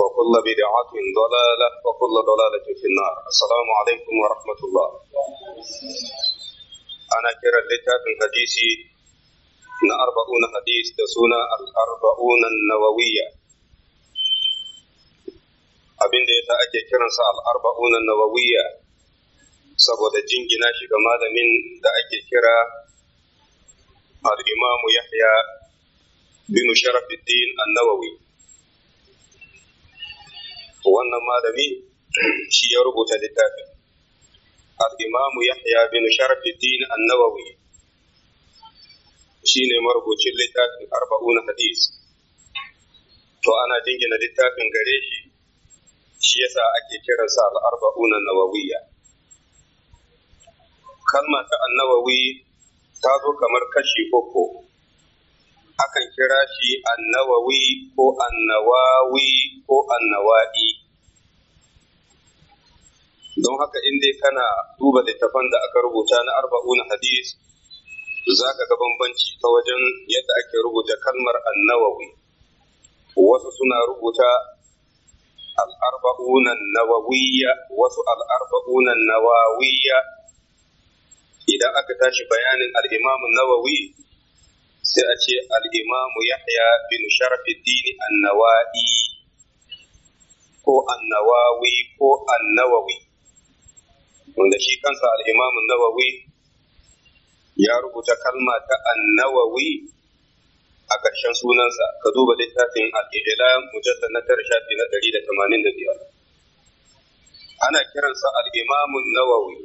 وكل بدعة ضلالة وكل ضلالة في النار السلام عليكم ورحمة الله أنا كرا لتات حديثي من أربعون حديث تسونا الأربعون النووية أبين دي تأجي كرا الأربعون النووية سبو دا جنجي ناشي كمال من تأجي كرا الإمام يحيى بن شرف الدين النووي wannan malami shi ya rubuta littafin al-imam yahya bin sharfuddin an-nawawi shine marubucin littafin arba'un hadis to ana jingina littafin gare shi shi yasa ake kiransa al-arba'un an-nawawiyya kalma ta an-nawawi ta zo kamar kashi uku akan kira shi annawawi ko annawawi ko annawa'i don haka in dai kana duba littafan da aka rubuta na arba'una hadis za ka ga bambanci ta wajen yadda ake rubuta kalmar annawawi wasu suna rubuta al'arba'unan nawawiya. wasu al'arba'unan nawawiya. idan aka tashi bayanin al'imamu nawawi sai a ce al'imamu yahya bin sharfiddini annawa'i ko annawawi ko annawawi wanda shi kansa al nawawi ya rubuta kalma ta an a ƙarshen sunansa ka duba littafin al-Ilam na tara shafi na da da tamanin biyar. ana kiransa al nawawi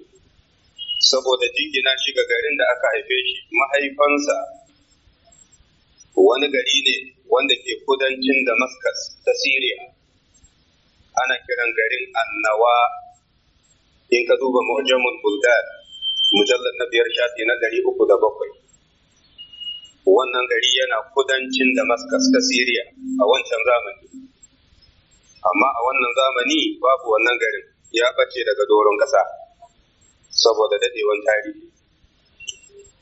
saboda jingina shi ga garin da aka haife shi mahaifansa wani gari ne wanda ke kudancin Damascus da Syria ana kiran garin Annawa in ka duba mu'jamul buldan mujallad na biyar shafi na gari uku da bakwai wannan gari yana kudancin damascus ta syria a wancan zamani amma a wannan zamani babu wannan garin ya bace daga doron kasa saboda daɗewan tarihi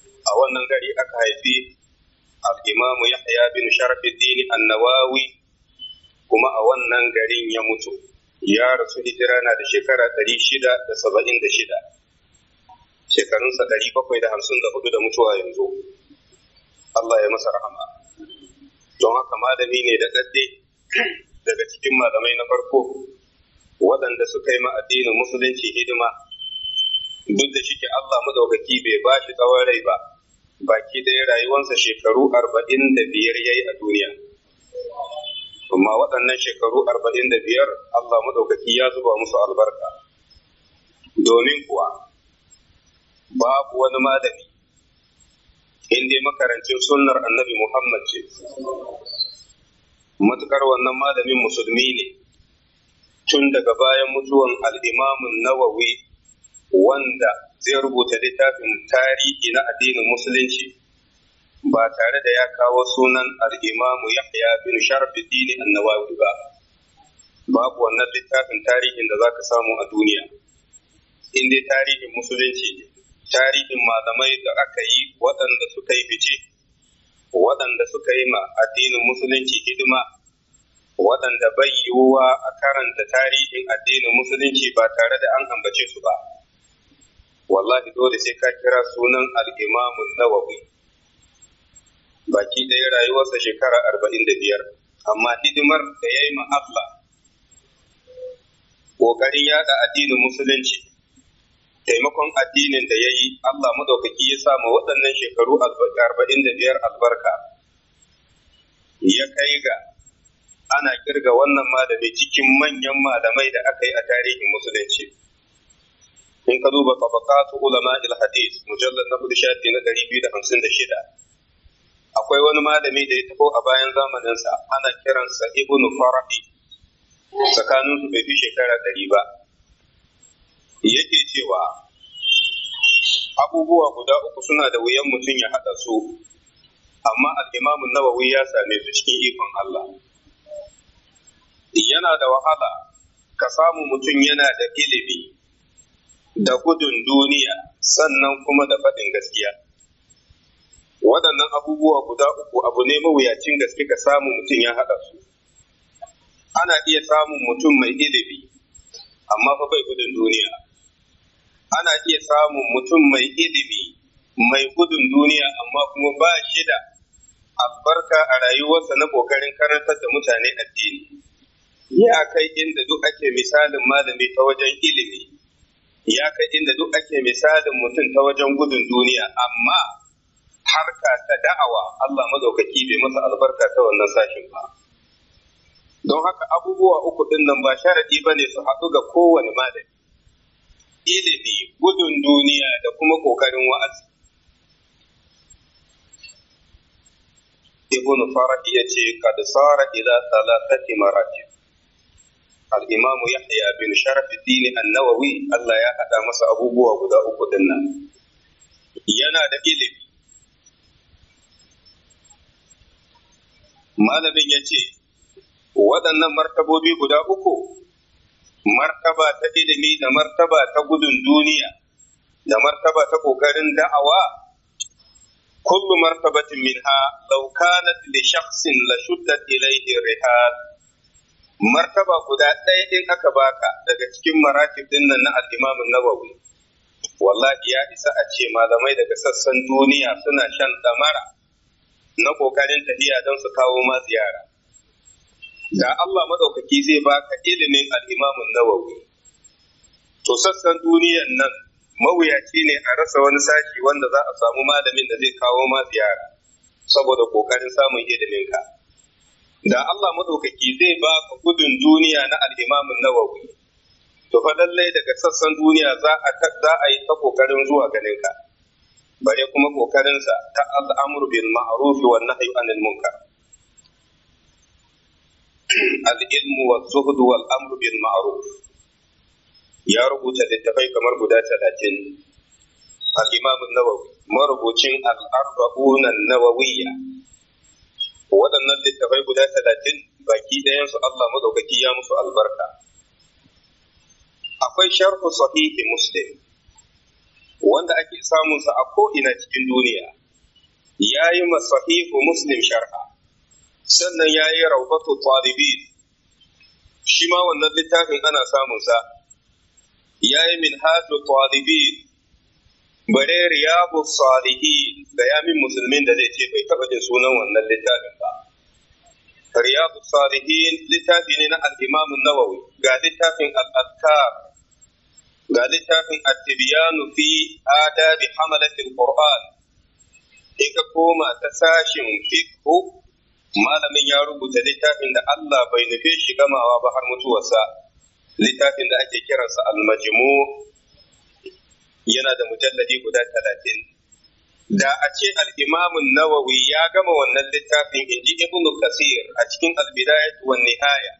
a wannan gari aka haifi al-imam yahya bin sharaf an-nawawi kuma a wannan garin ya mutu ya rasu hijira na da shekara shida. shekarunsa bakwai da hamsin da da hudu mutuwa yanzu Allah ya masa rahama don haka malami ne da ɗaɗɗe daga cikin malamai na farko waɗanda suka yi addinin musulunci hidima duk da ke Allah madaukaki bai ba shi tsawon rai ba baki ɗaya rayuwansa shekaru arba'in da biyar ya yi a duniya amma waɗannan shekaru arba'in da biyar Allah maɗaukaki ya zuba musu albarka domin kuwa babu wani malami in dai makarancin sunnar annabi Muhammad ce matukar wannan malamin musulmi ne tun daga bayan mutuwan al'imamun nawawi wanda zai rubuta littafin tarihi na addinin musulunci ba tare da ya kawo sunan al'imamu haya bin sharfuddin annawawi ba babu wannan littafin tarihin da za ka samu a duniya in dai tarihin musulunci tarihin malamai da aka yi waɗanda suka yi fice waɗanda suka yi ma addinin musulunci hidima waɗanda bai yiwuwa a karanta tarihin addinin musulunci ba tare da an ambace su ba wallahi dole sai ka kira sunan al'imamun nawawi baki ɗaya rayuwarsa shekara arba'in da biyar amma hidimar da ya yi ma'afla ƙoƙarin yaɗa addinin musulunci taimakon addinin da ya yi Allah maɗaukaki ya sama waɗannan shekaru arba'in da biyar albarka ya kai ga ana kirga wannan malami cikin manyan malamai da aka yi a tarihin musulunci in ka duba tabaqatu ulama ilhadis hadith mujallad na hudu shafi na shida. akwai wani malami da ya taho a bayan zamaninsa ana kiransa ibnu farahi tsakanin su bai fi shekara ɗari ba yake cewa abubuwa guda uku suna da wuyan mutum ya haɗa su amma al'imamun nawawi ya same su cikin ikon Allah yana da wahala ka samu mutum yana da ilimi da gudun duniya sannan kuma da faɗin gaskiya waɗannan abubuwa guda uku abu ne mawuyacin gaske ka samu mutum ya haɗa su ana iya samun mutum mai ilimi amma fa bai gudun duniya ana iya samun mutum mai ilimi mai gudun duniya amma kuma ba shi da albarka a rayuwarsa na ƙoƙarin karantar da mutane addini ya kai inda duk ake misalin malami ta wajen ilimi ya kai inda duk ake misalin mutum ta wajen gudun duniya amma harka ta da'awa Allah mazaukaki bai masa albarka ta wannan sashin ba don haka abubuwa uku ɗin nan ba sharaɗi ba ne su haɗu ga kowane malami ilimi gudun duniya da kuma ƙoƙarin wa'azi ibn farah ya ce kad sara ila salatati maratib al-imam yahya bin sharaf din an-nawawi Allah ya haɗa masa abubuwa guda uku ɗin nan yana da ilimi malamin ya ce waɗannan martabobi guda uku martaba ta ilimi da martaba ta gudun duniya da martaba ta ƙoƙarin da'awa kullu martabatin minha law li shakhsin la shuddat ilayhi rihal martaba guda ɗaya in aka baka daga cikin maratib din nan na al-Imam nawawi wallahi ya isa a ce malamai daga sassan duniya suna shan damara na ƙoƙarin tafiya don su kawo ma ziyara da Allah maɗaukaki zai ba ka ilimin al’imamun Nawawi to sassan duniyan nan mawuyaci ne a rasa wani sashi wanda za a samu malamin da zai kawo ma ziyara saboda ƙoƙarin samun ilimin ka da Allah maɗaukaki zai ba ka gudun duniya na al’imamun Nawawi to fa lallai daga sassan duniya za a yi ta ƙoƙarin zuwa ganinka. bare kuma kokarinsa ta al'amru bil ma'ruf wa nahyi anil munkar al-ilm wa zuhd wal amru bil ma'ruf ya rubuta littafai kamar guda talatin. al-imam nawawi marubucin al-arba'un an-nawawiyya waɗannan littafai guda talatin, baki ɗayan su Allah madaukaki ya musu albarka akwai sharhu sahihi muslim wanda ake samun sa a ko'ina cikin duniya ya yi masahihu muslim sharha sannan ya yi rautatu talibin shi ma wannan littafin ana samun sa ya yi minhaju talibin bare riyabu salihin da min musulmin da zai ce bai taba jin sunan wannan littafin ba Riyabu salihin littafi ne na al nawa nawawi ga littafin al-adkar ga littafin at-tibyanu fi adabi hamalatil qur'an in ka koma ta sashin fiqhu malamin ya rubuta littafin da Allah bai nufe shi gamawa ba har mutuwarsa littafin da ake kiransa al yana da mujalladi guda talatin da a ce al'imamun nawawi ya gama wannan littafin in ji ibnu kasir a cikin albidayat wa nihaya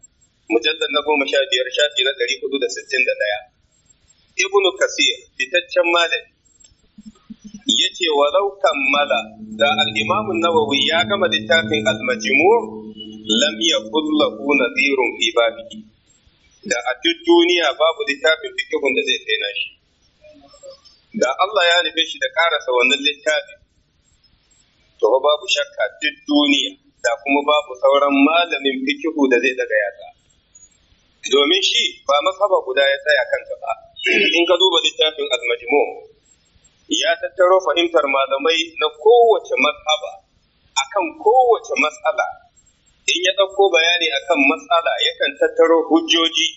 mujallar na goma sha biyar shafi na ɗari hudu da sittin da ɗaya ibnu kasir fitaccen malami Ya ce kammala da al da an-nawawi ya gama littafin al'majimu, majmu lam yakul lahu nadhirun fi da a duk duniya babu littafin fikihun da zai kai nashi da Allah ya nufe shi da karasa wannan littafin to babu shakka duk duniya da kuma babu sauran malamin fikihu da zai daga yatsa domin shi ba masaba guda ya tsaya kanta ba in ka duba littafin al-majmu ya tattaro fahimtar malamai na kowace mas'aba akan kowace mas'ala in ya ɗauko bayani akan matsala yakan tattaro hujjoji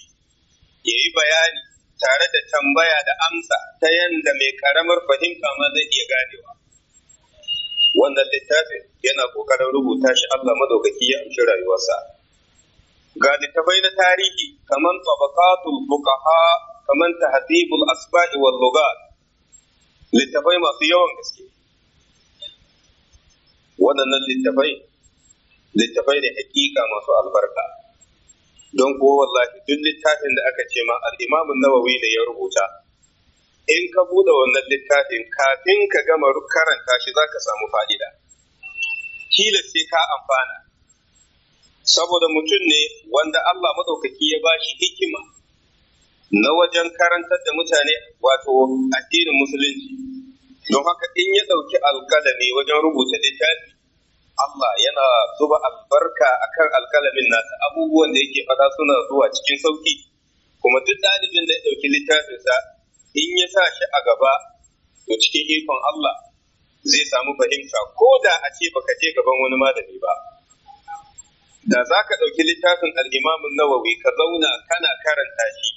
ya yi bayani tare da tambaya da amsa ta yadda mai karamar fahimta ma zai iya ganewa wannan littafin yana kokarin rubuta shi Allah madaukaki ya amshi rayuwarsa ga littafai na tarihi kamar tabaqatul bukaha kaman tahdibul asba'i wal lugat littafai masu yawan gaske waɗannan littafai littafai ne hakika masu albarka don ko wallahi duk littafin da aka ce ma al-Imam Nawawi ya rubuta in ka bude wannan littafin kafin ka gama karanta shi zaka samu fa'ida kila sai ka amfana saboda mutum ne wanda Allah madaukaki ya bashi hikima na wajen karantar da mutane wato addinin musulunci don haka in ya ɗauki alkalami wajen rubuta littafi Allah yana zuba albarka akan alkalamin nasa abubuwan da yake fata suna zuwa cikin sauki kuma duk ɗalibin da ya ɗauki littafinsa in ya sa shi a gaba to cikin ikon Allah zai samu fahimta ko da a ce baka je gaban wani malami ba da za ka ɗauki littafin al'imamin nawawi ka zauna kana karanta shi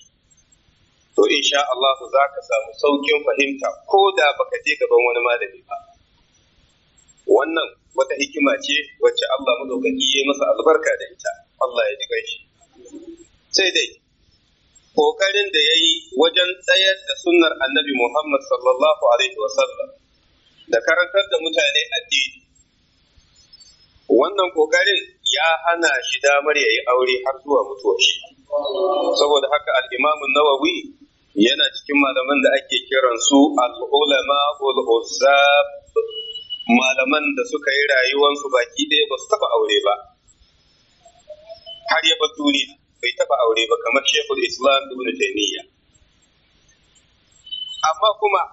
to sha Allah za ka samu saukin fahimta ko da baka je gaban wani malami ba wannan wata hikima ce wacce Allah madaukaki ya masa albarka da ita Allah ya ji shi sai dai kokarin da ya yi wajen tsayar da sunnar annabi Muhammad sallallahu alaihi wasallam da karantar da mutane addini wannan kokarin ya hana shi damar ya yi aure har zuwa mutuwa shi saboda haka al'imamin nawawi yana cikin malaman da ake kiransu al'ulama ul'uzab malaman da suka yi rayuwansu baki ɗaya ba su taɓa aure ba har ya baturi bai taɓa aure ba kamar shekul islam ibn taimiyya amma kuma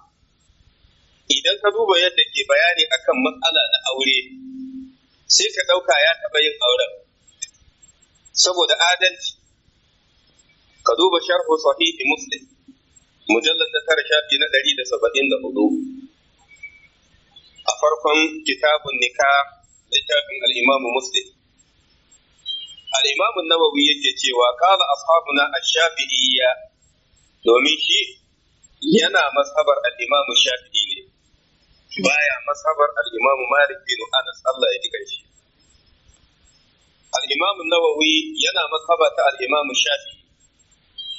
idan ka duba yadda ke bayani akan matsala na aure sai ka ɗauka ya taɓa yin auren saboda adalci ka duba sharhu sahihi muslim mujallar da tara shafi na ɗari da saba'in da hudu a farkon kitabun nika littafin al'imamu muslim al'imamu nawawi yake cewa kala ashabuna a shafi'iyya domin shi yana masabar al'imamu shafi'i ne baya masabar al'imamu malik bin ya ji yana ta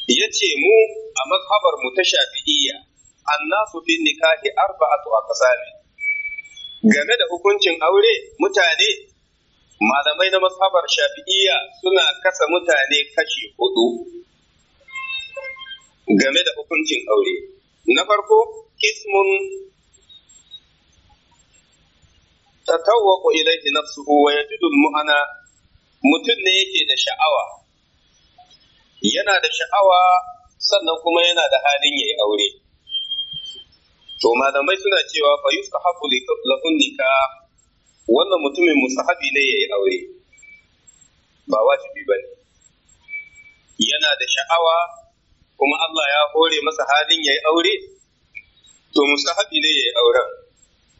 Ya ce mu a mazhabar mu ta shafi'iyya nasu fi nikahi arba'atu aqsami game da hukuncin aure mutane malamai na mazhabar shafi'iyya suna kasa mutane kashi hudu game da hukuncin aure na farko ismun tatawwaqu ilayhi nafsuhu wa yajidu muana mutum ne yake da sha'awa yana da sha'awa sannan kuma yana da halin ya yi aure to malamai suna cewa fa haku lahun nika wannan mutumin musahabi ne ya yi aure ba wajibi ne. yana da sha'awa kuma Allah ya hore masa halin ya yi aure to musahabi ne ya yi auren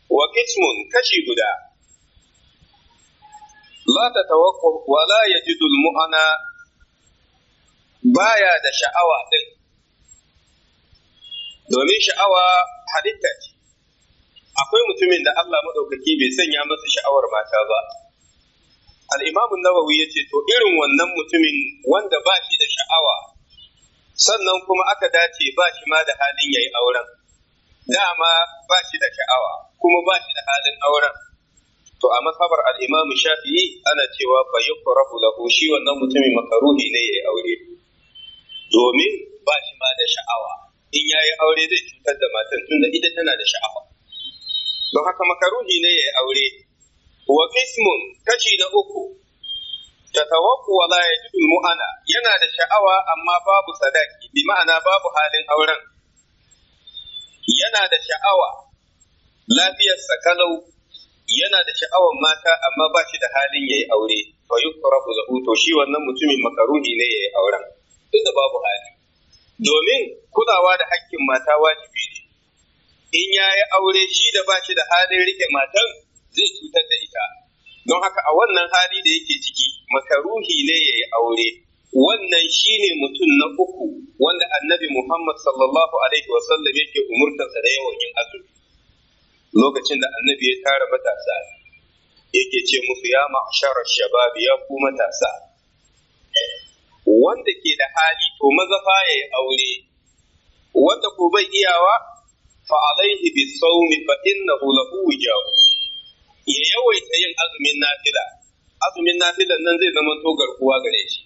wa kismun kashi guda la ta wa la ya ji muana baya da sha'awa ɗin domin sha'awa halitta ce akwai mutumin da Allah maɗaukaki bai sanya masa sha'awar mata ba al'imamu nawawi ya ce to irin wannan mutumin wanda ba shi da sha'awa sannan kuma aka dace ba shi ma da halin yayi auren dama ba shi da sha'awa kuma ba shi da halin auren to a masabar al'imamu shafi'i ana cewa fa yi lahu shi wannan mutumin makaruhi ne ya aure domin ba shi ma da sha'awa in ya yi aure zai cutar da matan da ita tana da sha'awa don haka makaruhi ne ya yi aure wa qismun kashi na uku tatawaqu wa la yajidu mu'ana yana da sha'awa amma babu sadaki bi ma'ana babu halin auren yana da sha'awa lafiyar sakalau yana da sha'awar mata amma ba shi da halin ya yi aure fa yukrahu lahu to shi wannan mutumin makaruhi ne ya yi auren tunda babu hali domin kulawa da hakkin mata wajibi ne in ya yi aure shi da ba shi da halin rike matan zai cutar da ita don haka a wannan hali da yake ciki makaruhi ne ya yi aure wannan shi ne mutum na uku wanda annabi muhammad sallallahu alaihi wasallam yake umurtarsa da yawan yin azumi lokacin da annabi ya tara matasa yake ce musu ya ma'ashara shababi ya ku matasa wanda ke da hali to mazafa ya yi aure wanda ko bai iyawa fa alaihi bi saumi fa innahu lahu wijahu ya yawaita yin azumin nafila azumin nafila nan zai zama to garkuwa gare shi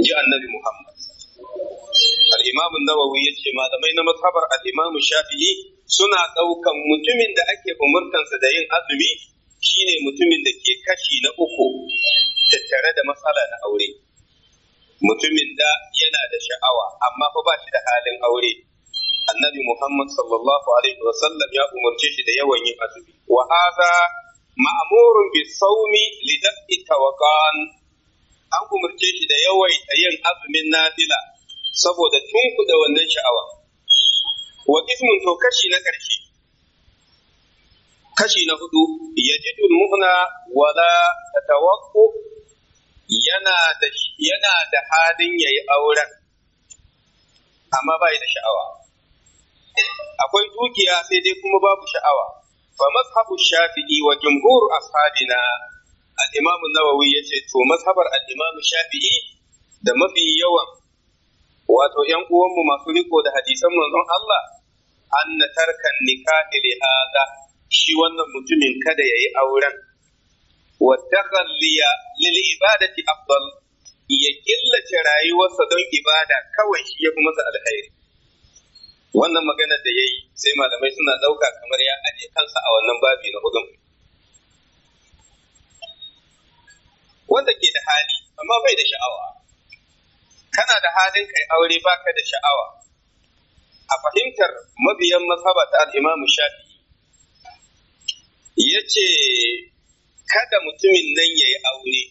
in ji annabi muhammad al-imam an-nawawi yace malamai na mazhabar al-imam shafi'i suna daukan mutumin da ake sa da yin azumi shine mutumin da ke kashi na uku tattare da matsala na aure mutumin da yana da sha'awa amma fa ba shi da halin aure annabi muhammad sallallahu alaihi sallam ya umarce shi da yawan yin azumi wa hadha ma'murun bi sawmi li daf'i tawaqan an umarce shi da yawai yin azumin nafila saboda tunku da wannan sha'awa wa ismun to kashi na karshe kashi na hudu yajidul mu'na wala tatawaqqu yana da yana da halin yayi auren amma ba da sha'awa akwai dukiya sai dai kuma babu sha'awa fa mazhabu shafi'i wa jumhur ashabina al-imam an-nawawi yace to mazhabar al-imam shafi'i da mafi yawan wato yan uwanmu masu riko da hadisan manzon Allah an na tarkan nikahi li shi wannan mutumin kada yayi auren ya للعبادة rayuwarsa don ibada, kawai shi ya fi masa alkhairi. wannan magana da ya yi sai malamai suna ɗauka kamar ya aje kansa a wannan babi na hudun wanda ke da hali amma bai da sha'awa kana da halin kai aure baka da sha'awa a fahimtar mabiyan mazhaba ta al-Imam ya yace kada mutumin nan ya yi aure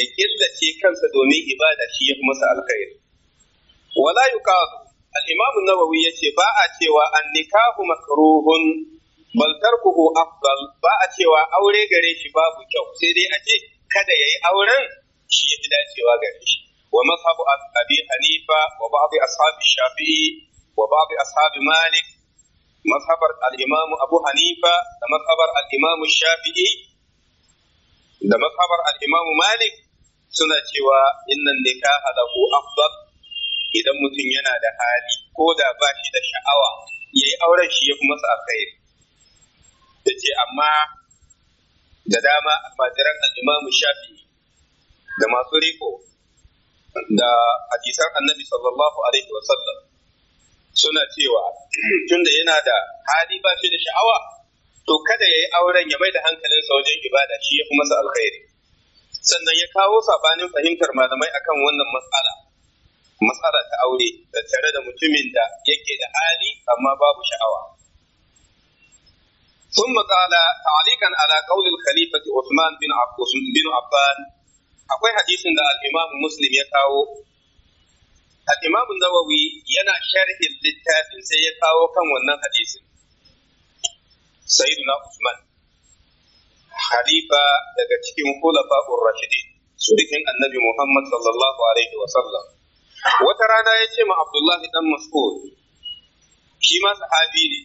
ya killace kansa domin ibada shi ya fi masa alkhairi wala yuqadu al-imam an-nawawi yace ba a cewa an-nikahu makruhun bal tarkuhu afdal ba a cewa aure gare shi babu kyau sai dai a ce kada yayi auren shi ya fi dacewa gare shi wa mazhabu abi hanifa wa ba'd ashab shafi'i wa ba'd ashab malik mazhabar al-Imam Abu Hanifa da mazhabar al-Imam Shafi'i da mazhabar al-Imam Malik suna cewa innan nikaha lahu afdal idan mutum yana da hali ko da ba shi da sha'awa yayi auren shi ya kuma sa amma da dama almajiran al-Imam Shafi'i da masu riko da hadisan Annabi sallallahu alaihi wasallam suna cewa tunda yana da hali ba shi da sha'awa to kada ya yi auren ya mai da hankalinsa wajen ibada shi ya fi masa alkhairi sannan ya kawo sabanin fahimtar malamai akan wannan matsala matsala ta aure da tare da mutumin da yake da hali amma babu sha'awa ثم قال تعليقا على قول الخليفة عثمان بن عفان akwai hadisin da al Muslim ya kawo Imamu Nawawi yana sharhin littafin sai ya kawo kan wannan hadisin. Sayyiduna Usman, Khalifa daga cikin Khulafa'ur Rashidin, surikin Annabi Muhammad sallallahu alaihi wa sallam. Wata rana ya ce ma Abdullahi dan Mas'ud, shi ma sahabi ne,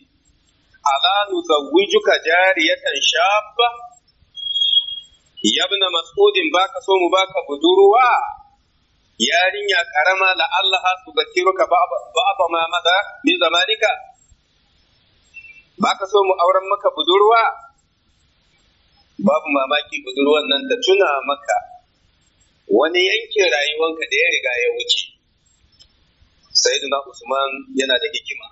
ala nuzawwijuka jariyatan shabba yabna mas'udin baka so mu baka budurwa yarinya karama la Allah ba ba ma mada min zamanika baka so mu auren maka budurwa babu mamaki budurwan nan ta tuna maka wani yankin rayuwanka da ya riga ya wuce sayyidina Usman yana da hikima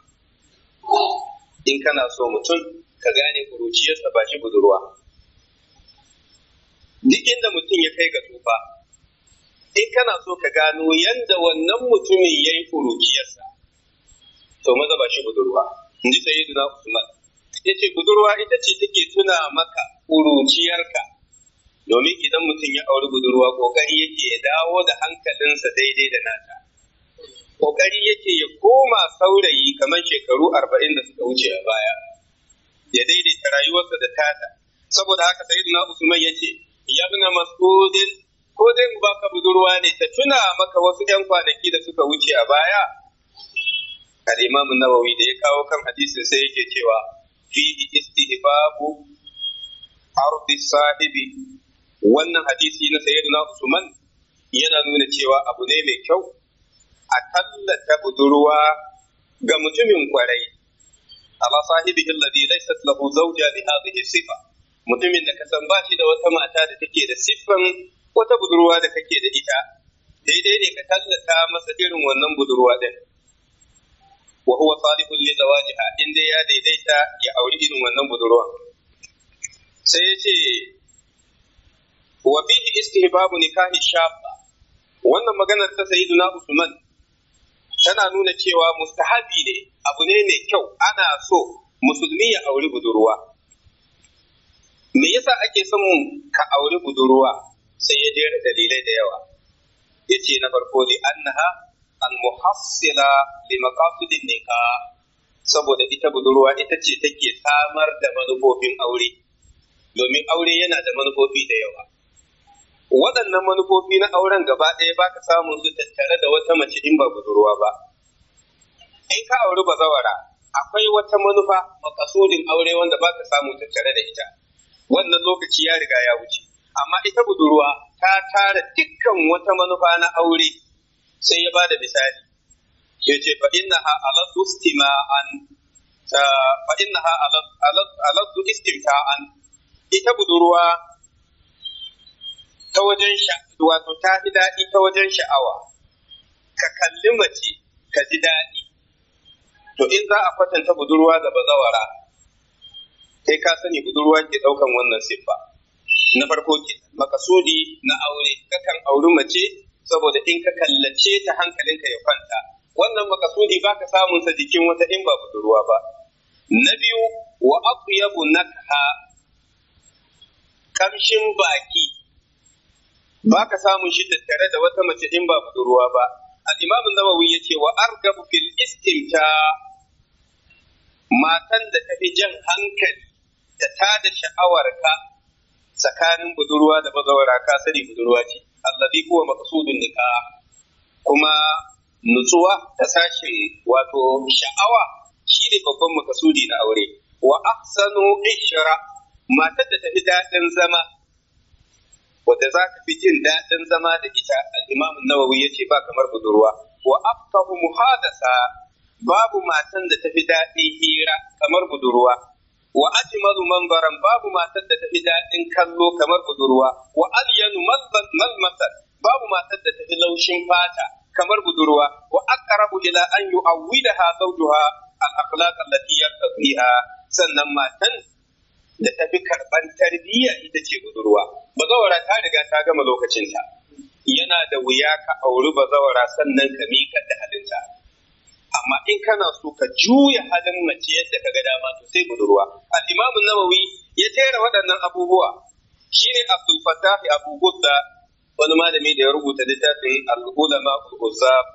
in kana so mutum ka gane kuruciyarsa ba shi budurwa duk inda mutum ya kai ga tufa in kana so ka gano yadda wannan mutumin ya yi kurukiyarsa to maza ba shi budurwa in ji sai na usman ya ce budurwa ita ce take tuna maka kuruciyarka domin idan mutum ya auri budurwa kokari yake ya dawo da hankalinsa daidai da nata kokari yake ya koma saurayi kamar shekaru arba'in da suka wuce a baya ya daidaita rayuwarsa da tata saboda haka sayyidina usman ya ce yabna mas'udin ko zai mu baka budurwa ne ta tuna maka wasu 'yan kwanaki da suka wuce a baya al-imam nawawi da ya kawo kan hadisin sai yake cewa fi istihbabu ardi sahibi wannan hadisi na sayyidina usman yana nuna cewa abu ne mai kyau a tallata budurwa ga mutumin kwarai ala sahibi alladhi laysat lahu zawja bi hadhihi sifa mutumin da kasan ba shi da wata mata da take da siffan wata budurwa da kake da ita daidai ne ka tallata masa irin wannan budurwa din wa huwa salihun li zawajiha inda ya daidaita ya auri irin wannan budurwa sai ya ce wa bihi istihbabu nikahi shafa wannan maganar ta sayyiduna usman tana nuna cewa mustahabi ne abu ne mai kyau ana so musulmi ya auri budurwa me yasa ake son ka auri budurwa sai ya jera dalilai da yawa ya ce na farko li annaha al muhassila li maqasidin nikah saboda ita budurwa ita ce take samar da manufofin aure domin aure yana da manufofi da yawa waɗannan manufofi na auren gaba ɗaya ba ka samun su tattare da wata mace in ba budurwa ba in ka auri bazawara akwai wata manufa makasudin aure wanda ba ka samu tattare da ita wannan lokaci ya riga ya wuce amma ita budurwa ta tara dukkan wata manufa na aure sai ya ba da misali ya ce fa innaha aladdu istima'an fa ita budurwa ta wajen sha'awa? wato ta fi daɗi ta wajen sha'awa ka kalli mace ka ji daɗi to in za a kwatanta budurwa da bazawara Sai ka sani budurwa ke ɗaukan wannan siffa na farko ke makasudi na aure kakan auri mace saboda in ka kallace ta hankalinka ya kwanta wannan makasudi baka samun sa jikin wata in ba budurwa ba na biyu wa atyabu nakha kamshin baki baka samun shi tattare da wata mace in ba budurwa ba al-imam an-nawawi yace wa argabu fil istimta matan da tafi jan hankali da tada sha'awarka tsakanin budurwa da bazawara ka sani budurwa ce allazi huwa maqsudun nika kuma nutsuwa ta sashin wato sha'awa shine babban makasudi na aure wa ahsanu ishra matar da ta fi daɗin zama wadda za ka fi jin daɗin zama da ita al-imam nawawi yace ba kamar budurwa wa afqahu muhadasa babu matan da ta fi daɗin hira kamar budurwa wa ajmalu manbaran babu matar da ta fi daɗin kallo kamar budurwa wa alyanu malmasar babu matar da ta fi laushin fata kamar budurwa wa aqrabu ila an yu'awwidaha zawjuha al-akhlaq allati yartadiha sannan matan da tafi fi karban tarbiyya ita ce budurwa bazawara ta riga ta gama lokacinta yana da wuya ka auri bazawara sannan ka miƙa da halinta amma in kana so ka juya halin mace yadda ka ga dama to sai budurwa al-imam nawawi ya jera waɗannan abubuwa shine abdul fattah abu gudda wani malami da ya rubuta littafin al-ulama al-uzzab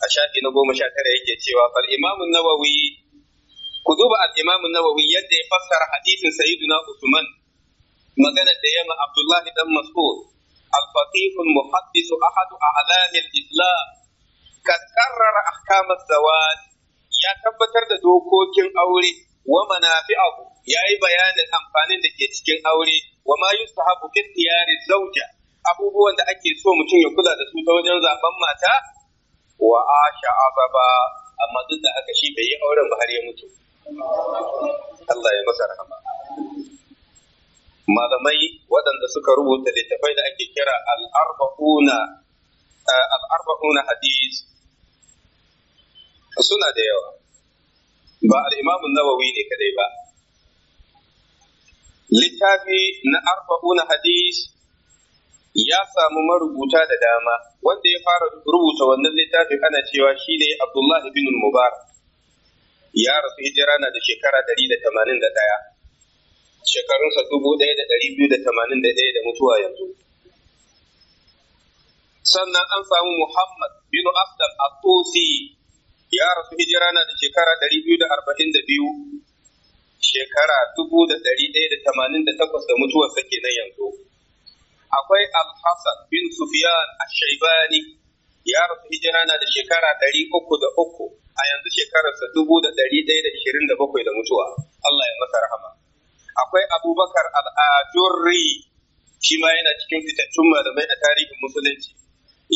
a shafi na goma sha tara yake cewa fal imam nawawi ku duba al-imam nawawi yadda ya fassara hadisin sayyiduna usman magana da yamma abdullahi dan mas'ud al-faqih al-muhaddis ahadu a'lam Isla. islam kad qarrara ahkam zawaj ya tabbatar da dokokin aure wa manafi'ahu yayi bayanin amfanin da ke cikin aure wa ma yustahabu fi tiyari abubuwan da ake so mutum ya kula da su ta wajen zaben mata wa asha ababa amma duk da haka shi bai yi auren ba har ya mutu Allah waɗanda suka rubuta littattafai da ake kira al-arba'una al-arba'una hadith suna da yawa ba al-imam nawawi ne kadai ba littafi na arba'una hadith ya samu marubuta da dama wanda ya fara rubuta wannan littafin ana cewa shi ne Abdullah ibn Mubarak ya rasu hijira na da shekara 181 shekarunsa 1281 da mutuwa yanzu sannan an samu Muhammad bin Afdal Atusi ya rasu hijira na da shekara 242 shekara 1188 da mutuwarsa kenan yanzu akwai Al-Hasan bin Sufyan Ash-Shaybani ya rasu hijira na da shekara 303 a yanzu shekararsa 1127 da mutuwa Allah ya masa rahama akwai Abubakar Al-Ajurri shi ma yana cikin fitattun malamai a tarihin musulunci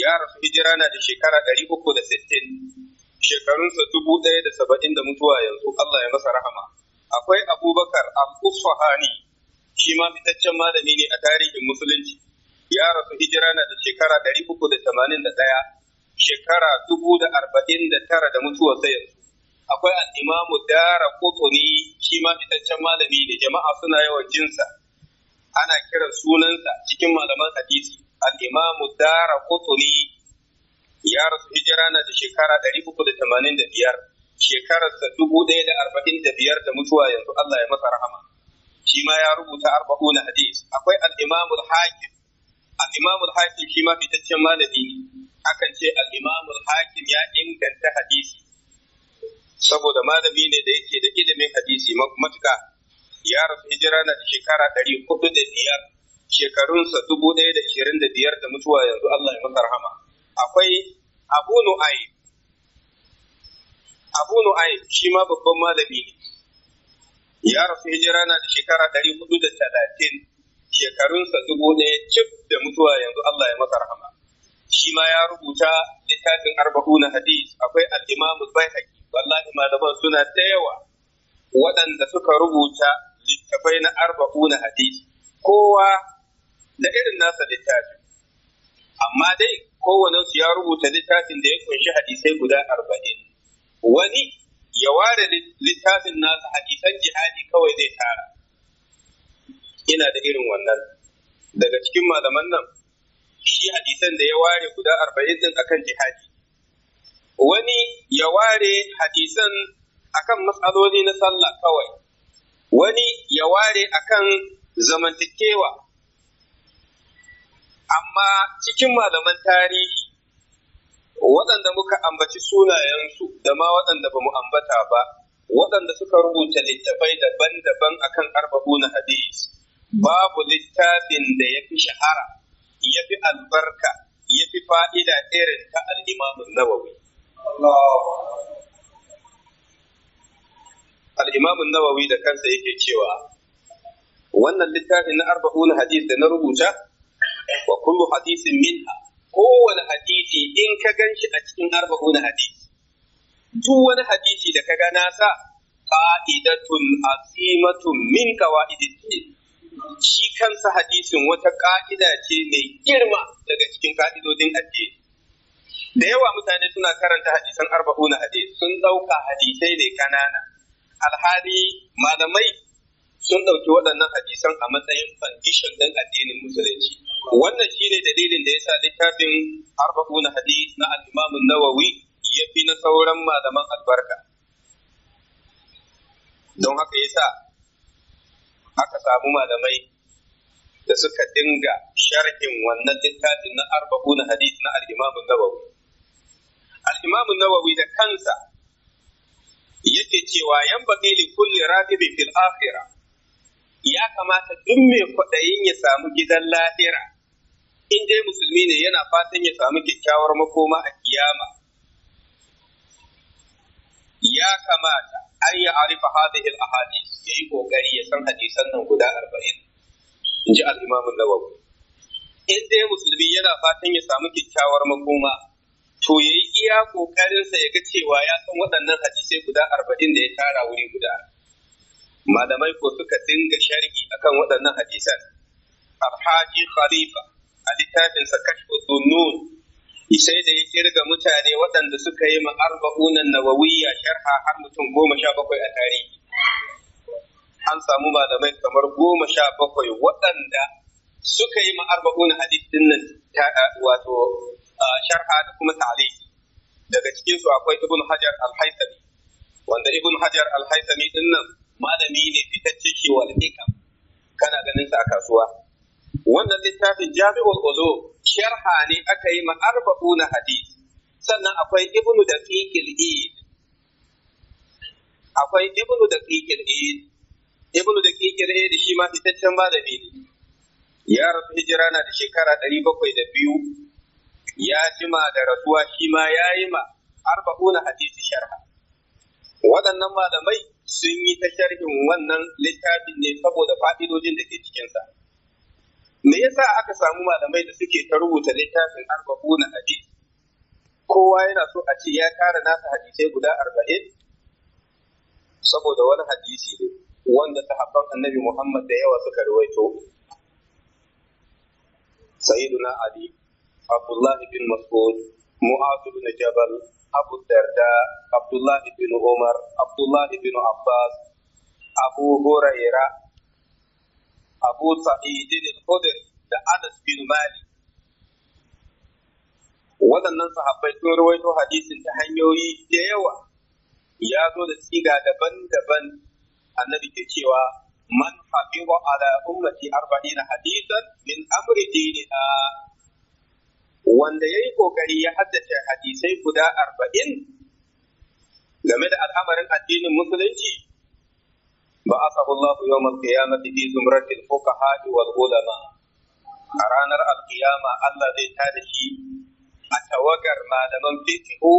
ya rasu hijira na da shekara ɗari uku da sittin shekarunsa dubu ɗaya da saba'in da mutuwa yanzu Allah ya masa rahama akwai abubakar al-usfahani shi ma fitaccen malami ne a tarihin musulunci ya rasu hijira na da shekara ɗari uku da tamanin da ɗaya shekara dubu da arba'in da tara da mutuwarsa yanzu akwai al'imamu dara kotoni shi ma fitaccen malami ne jama'a suna yawan jinsa ana kiran sunansa cikin malaman hadisi al-imam dara kutuni ya rasu hijira na da shekara 385 shekararsa 1045 da mutuwa yanzu Allah ya masa rahama shi ma ya rubuta arba'u na hadis akwai al-imam al-hakim al-imam hakim shi ma fitaccen malami ne. akan ce al-imam al-hakim ya inganta hadisi saboda malami ne da yake da ilimin hadisi matuka ya rasu hijira na da shekara 405 shekarunsa dubu ɗaya da ishirin da biyar da mutuwa yanzu Allah ya masa rahama akwai Abu Nu'ay Abu Nu'ay shi ma babban malami ne ya rasu hijira na da shekara ɗari hudu da talatin shekarunsa dubu ɗaya cif da mutuwa yanzu Allah ya masa rahama shi ma ya rubuta littafin arba'u na hadis akwai al-Imam al-Baihaqi wallahi malaman suna da yawa waɗanda suka rubuta littafai na arba'u na hadis kowa da irin nasa littafin amma dai su ya rubuta littafin da ya kunshi hadisai guda arba'in wani ya ware littafin nasa hadisan jihadi kawai zai tara ina da irin wannan daga cikin malaman nan shi hadisan da ya ware guda arba'in din akan jihadi wani ya ware hadisan akan matsaloli na sallah kawai wani ya ware akan zamantakewa amma cikin malaman tarihi waɗanda muka ambaci sunayensu da ma waɗanda ba mu ambata ba waɗanda suka rubuta littafai daban-daban akan arba'una hadis babu littafin da ya fi shahara ya fi albarka ya fi fa'ida irin ta al'imamun nawawi al'imamun nawawi da kansa yake cewa wannan littafin na arba'una hadis da na rubuta wa kullu hadisin minha kowane hadisi in ka gan shi a cikin arba'una hadisi duk wani hadisi da ka gana sa qa'idatun azimatun min qawaidid shi kansa hadisin wata ka'ida ce mai girma daga cikin ka'idodin addini da yawa mutane suna karanta hadisan arba'una hadisi sun dauka hadisai ne kanana alhali malamai sun ɗauki waɗannan hadisan a matsayin foundation ɗin addinin musulunci wannan shi ne dalilin da ya sa littafin arba'u na hadis na al-imam nawawi ya fi na sauran malaman albarka don haka ya sa aka samu malamai da suka dinga sharhin wannan littafin na arba'u na hadis na al-imam nawawi al-imam nawawi da kansa yake cewa yan baqi kulle kulli raqibin fil akhirah ya kamata duk mai kwaɗayin ya samu gidan lahira in dai musulmi ne yana fatan ya samu kyakkyawar makoma a kiyama ya kamata an yi arifa hadhihi al-ahadith ya yi kokari ya san hadisan nan guda arba'in in ji al-imam nawawi in dai musulmi yana fatan ya samu kyakkyawar makoma to ya yi iya ƙoƙarinsa ya ga cewa ya san waɗannan hadisai guda arba'in da ya tara wuri guda malamai ko suka dinga sharhi akan waɗannan hadisan Alhaji Khalifa a littafin sa kashfu dunun sai da ya kirga mutane waɗanda suka yi ma'arba'unan nawawiyya sharha har mutum goma sha bakwai a tarihi an samu malamai kamar goma sha bakwai waɗanda suka yi ma'arba'unan hadith din nan wato sharha da kuma ta'aliki daga cikinsu akwai ibn hajar al-haythami wanda ibn hajar al-haythami din nan malami ne fitacce shi wa hikam kana ganin sa a kasuwa wannan littafin jami'ul ulum sharha ne aka yi ma na hadis sannan akwai ibnu da id akwai ibnu daqiqil id ibnu daqiqil id shi ma fitaccen malami ne ya rasu hijira na da shekara ɗari bakwai da biyu ya jima da rasuwa shi ma ya yi ma arba'una hadisi sharha waɗannan malamai sun yi ta sharhin wannan littafin ne saboda fa'idojin da ke cikinsa. Me yasa aka samu malamai da suke ta rubuta littafin arba'u na hadisi? Kowa yana so a ce ya kara nasa hadisai guda arba'in saboda wani hadisi ne wanda sahabban annabi Muhammad da yawa suka ruwaito. Sayyiduna Ali, Abdullahi bin Mas'ud, Mu'adu bin Jabal, Abu Darda, Abdullah bin Umar, Abdullah bin Abbas, Abu Huraira, Abu Sa'idin al da Anas bin Malik. Waɗannan sahabbai sun rawaito hadisin ta hanyoyi da yawa ya zo da siga daban-daban annabi ke cewa man hafiza ala ummati arba'ina hadisan min amri dinina wanda ya yi ƙoƙari ya haddace hadisai guda arba'in game da al'amarin addinin musulunci ba a sahu Allah yau malkiyama fi zumratil fuqaha wal ulama a ranar alkiyama Allah zai tada shi a tawagar malaman fiqhu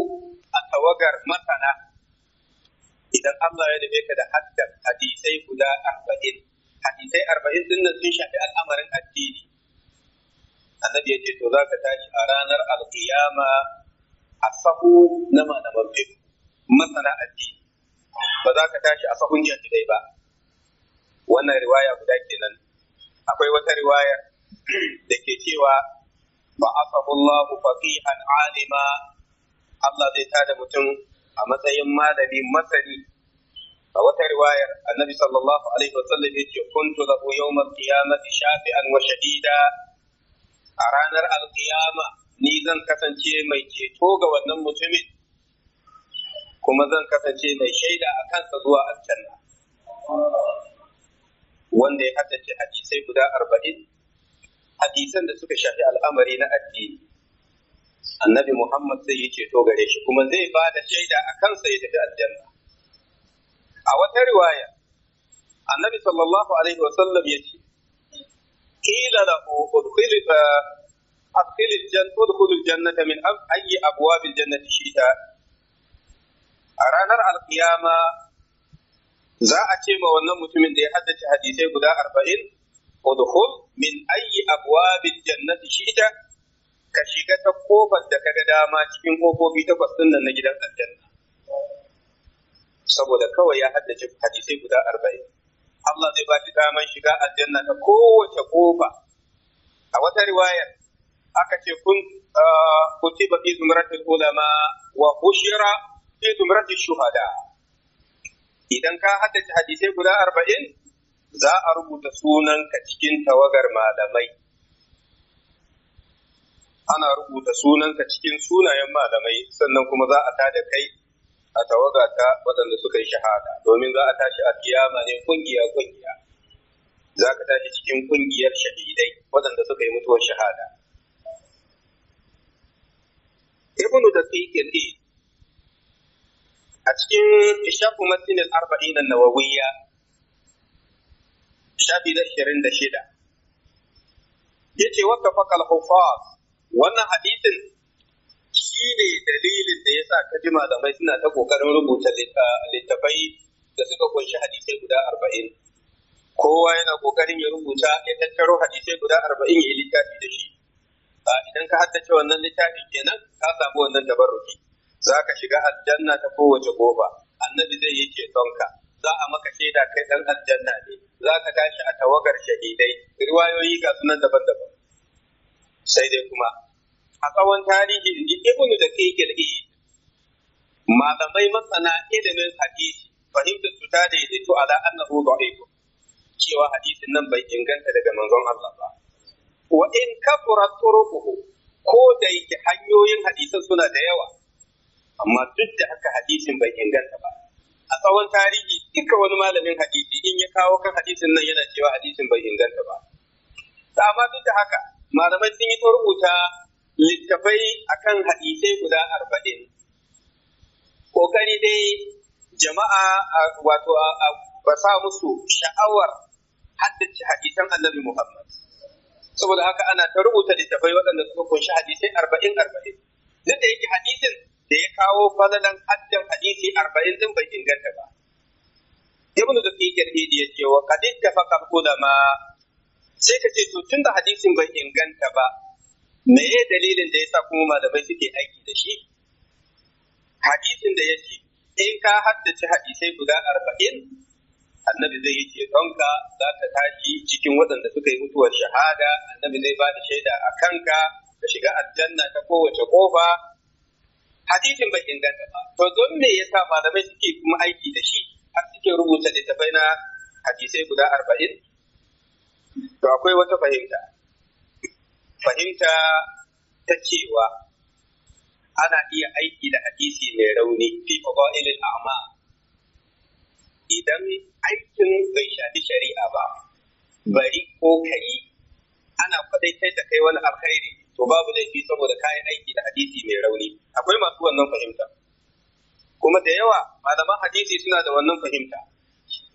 a tawagar masana idan Allah ya nufe ka da haddar hadisai guda arba'in hadisai arba'in din nan sun shafi al'amarin addini annabi ya ce to za ka tashi a ranar alkiyama a sahu na malaman fiqh masana addini ba za ka tashi a sahun jahilai ba wannan riwaya guda kenan akwai wata riwaya da ke cewa ba asahullahu faqihan alima Allah zai tada mutum a matsayin malami masani a wata riwayar annabi sallallahu alaihi wasallam ce, kuntu lahu yawmal qiyamati shafi'an wa shadida a ranar alkiyama ni zan kasance mai ceto ga wannan mutumin kuma zan kasance mai shaida a kansa zuwa aljanna wanda ya haddace hadisai guda arba'in hadisan da suka shafi al'amari na addini annabi muhammad zai yi ceto gare shi kuma zai ba da shaida a kansa ya tafi aljanna a wata riwaya annabi sallallahu alaihi wasallam ya ce قيل له ادخل ادخل الجنة ادخل الجنة من أي أبواب الجنة شئت a ranar alkiyama za a ce ma wannan mutumin da ya haddace hadisai guda arba'in udkhul min ayyi abwabil jannati shi'ta ka shiga ta kofar da kaga dama cikin kofofi takwas din nan na gidan aljanna saboda kawai ya haddace hadisai guda arba'in Allah zai ba shi daman shiga aljanna ta kowace kofa a wata riwayar aka ce kun ah, ba fi zumratil ulama wa bushira fi zumratil shuhada idan ka haddace hadisai guda arba'in za a rubuta sunanka cikin tawagar malamai ana rubuta sunanka cikin sunayen malamai sannan kuma za a tada kai a tawaga ta waɗanda suka yi shahada domin za a tashi a kiyama ne kungiya kungiya za ka tashi cikin kungiyar shahidai waɗanda suka yi mutuwar shahada ibnu da ne a cikin shafi matin al-arba'in an-nawawiyya shafi da 26 yace waqafa al-hufaz wannan hadisin shi ne dalilin da ya sa ka ji malamai suna ta kokarin rubuta littafai da suka kunshi hadisai guda arba'in kowa yana kokarin ya rubuta ya tattaro hadisai guda arba'in ya yi littafi da shi idan ka haddace wannan littafi kenan ka samu wannan tabarruki za ka shiga aljanna ta kowace kofa annabi zai yi cetonka za a maka shaida kai dan aljanna ne za ka tashi a tawagar shahidai riwayoyi ga sunan daban-daban sai dai kuma a tsawon tarihi in ji ibn da kai malamai masana ilimin hadisi fahimtar su ta daidaito ala annahu da'ifu cewa hadisin nan bai inganta daga manzon Allah ba wa in kafura turuquhu ko da yake hanyoyin hadisan suna da yawa amma duk da haka hadisin bai inganta ba a tsawon tarihi duka wani malamin hadisi in ya kawo kan hadisin nan yana cewa hadisin bai inganta ba amma duk da haka malamai sun yi ta rubuta littafai akan hadisai guda arba'in ƙoƙari dai jama'a wato ba sa musu sha'awar haddace hadisan annabi Muhammad saboda haka ana ta rubuta littafai waɗanda suka kunshi hadisai arba'in arba'in duk da yake hadisin da ya kawo fadalan haddan hadisi arba'in din bai inganta ba ibnu da fi kirkidi ya ce wa qad ittafaqa ma. sai ka ce to tunda hadisin bai inganta ba me dalilin da yasa kuma malamai suke aiki da shi hadisin da yake in ka haddace hadisai guda arba'in annabi zai yi cetonka za ka tashi cikin waɗanda suka yi mutuwar shahada annabi zai ba da shaida a kanka ka shiga aljanna ta kowace kofa hadisin bai inganta ba to don me yasa malamai suke kuma aiki da shi har suke rubuta littattafai na hadisai guda arba'in to akwai wata fahimta fahimta ta cewa ana iya aiki da hadisi mai rauni fi ilil amma, idan aikin bai shafi shari'a ba bari ko kai ana kwadaitar da kai wani alkhairi to babu laifi saboda kayan aiki da hadisi mai rauni akwai masu wannan fahimta kuma da yawa malaman hadisi suna da wannan fahimta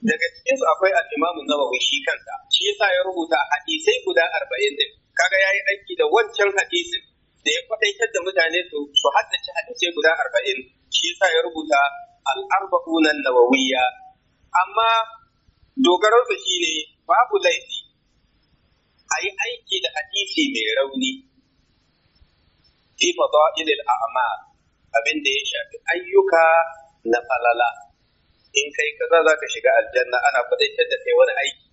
daga cikinsu akwai al-imamu nawawi shi kansa shi yasa ya rubuta hadisai guda arba'in da biyu kaga ya yi aiki da wancan hadisi da ya faɗaitar da mutane su su haddace hadisi guda arba'in shi yasa ya rubuta al'arba'unan nawawiyya amma shi ne babu laifi a yi aiki da hadisi mai rauni fi ilil a'mal abin da ya shafi ayyuka na falala in kai kaza za ka shiga aljanna ana kwadaitar da kai wani aiki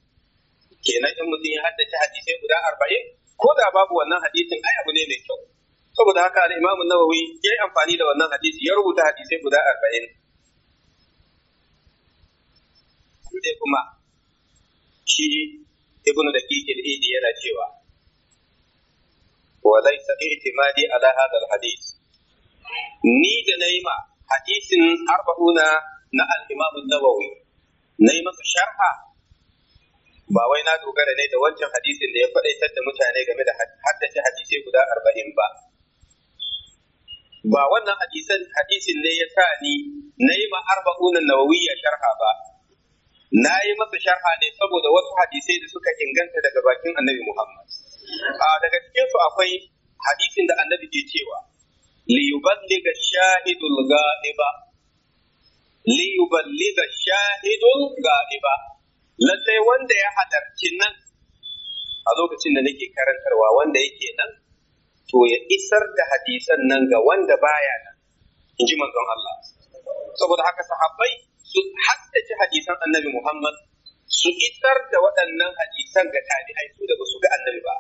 kenan in mutum ya haddace hadisai guda arba'in ko da babu wannan hadisin ai abu ne mai kyau saboda haka al-Imam nawawi ya yi amfani da wannan hadisi ya rubuta hadisai guda arba'in. sai kuma shi Ibnu da al-Idi yana cewa wa laysa i'timadi ala hadha al-hadith ni da naima hadisin arba'una na al-Imam an-Nawawi nayi masa sharha ba wai na dogara ne da wancan hadisin da ya faɗaitar da mutane game da haddace hadisai guda arba'in ba ba wannan hadisan hadisin ne ya sa ni na yi ma arba'unan nawawiyya sharha ba na yi masa sharha ne saboda wasu hadisai da suka inganta daga bakin annabi muhammad a daga cikinsu akwai hadisin da annabi ke cewa liyuballiga shahidul ga'iba liyuballiga shahidul ga'iba lallai wanda ya halarci nan a lokacin da nake karantarwa wanda yake nan to ya isar da hadisan nan ga wanda baya nan in ji manzon Allah saboda haka sahabbai su haddace hadisan annabi Muhammad su isar da waɗannan hadisan ga tabi'ai su da ba su ga annabi ba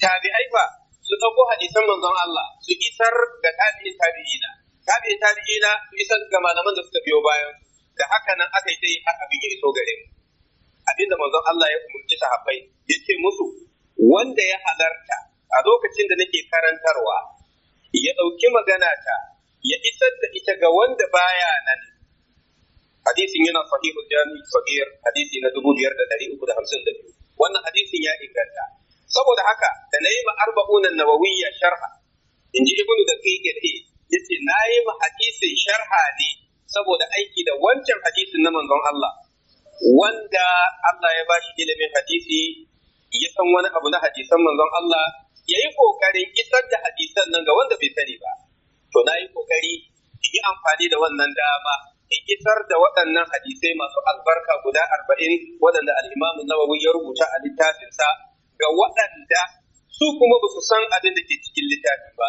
tabi'ai ba su ɗauko hadisan manzon Allah su isar ga tabi'in tabi'ina tabi'in tabi'ina su isar ga malaman da suka biyo bayan da haka nan aka yi ta yi har abin ya iso gare mu abinda manzon Allah ya umarci sahabbai yace musu wanda ya halarta a lokacin da nake karantarwa ya ɗauki magana ta ya isar da ita ga wanda baya nan hadisin yana sahihul jami sahih hadisi na biyu. wannan hadisin ya inganta saboda haka da nayi ma arba'unan nawawiyya sharha inji ibnu da ce na yi ma hadisin sharha ne saboda aiki da wancan hadisin na manzon Allah wanda Allah ya bashi ilimin hadisi ya san wani abu na hadisan manzon Allah ya yi kokarin isar da hadisan nan ga wanda bai sani ba to na yi kokari yi amfani da wannan dama in isar da waɗannan hadisai masu albarka guda arba'in waɗanda al'imamu nawawi ya rubuta a littafinsa ga waɗanda su kuma ba su san abin da ke cikin littafin ba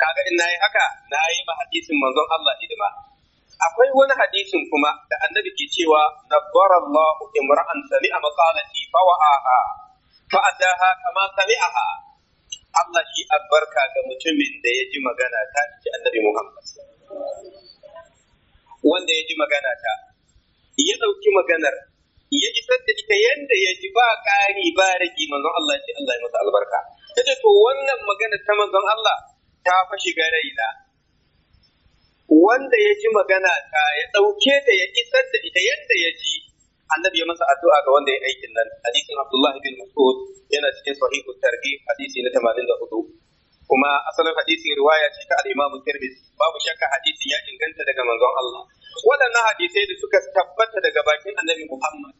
kaga in na yi haka na yi ma hadisin manzon Allah hidima akwai wani hadisin kuma da annabi ke cewa nabbarallahu imra'an sami'a maqalati fa wa'aha fa adaha kama sami'aha Allah shi albarka ga mutumin da ya ji magana ta ce annabi Muhammad wanda ya ji magana ta ya ɗauki maganar ya isar da ita yadda ya ji ba ƙari ba rage manzon Allah ya ce Allah ya masa albarka ta ce to wannan magana ta manzon Allah ta fashi ga raina wanda ya ji magana ta ya ɗauke ta ya isar da ita yadda ya ji annabi ya masa addu'a ga wanda ya aikin nan hadisin Abdullah bin Mas'ud yana cikin sahihu targhib hadisi na 84 kuma asalin hadisin riwaya ce ta al-Imam Tirmidhi babu shakka hadisin ya inganta daga manzon Allah waɗannan hadisai da suka tabbata daga bakin annabi Muhammad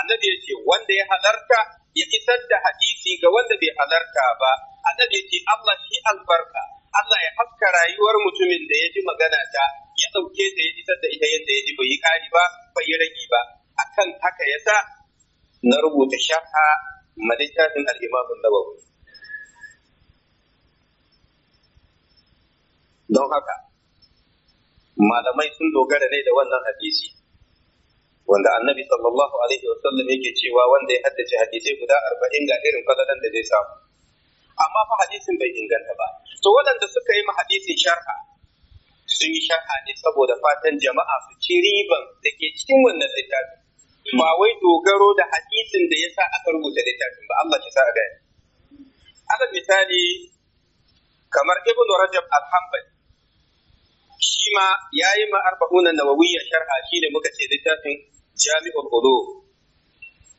annabi ya ce wanda ya halarta ya isar da hadisi ga wanda bai halarta ba annabi ya ce Allah shi albarka Allah ya haska rayuwar mutumin da ya ji magana ta ya ɗauke ta ya isar da ita yadda ya ji bai yi ƙari ba bai yi ragi ba akan haka ya sa na rubuta shafa malittafin al'imamun nawawi don haka malamai sun dogara ne da wannan hadisi wanda annabi sallallahu alaihi wasallam yake cewa wanda ya haddace hadisai guda arba'in ga irin falalan da zai samu amma fa hadisin bai inganta ba to waɗanda suka yi ma hadisin sharha sun yi sharha ne saboda fatan jama'a su ci riban da ke cikin wannan littafin ba wai dogaro da hadisin da sa aka rubuta littafin ba Allah ya sa a gani misali kamar ibn rajab al-hanbali shi ma yayi ma arba'una nawawiyya sharha ne muka ce littafin jami'ul ulum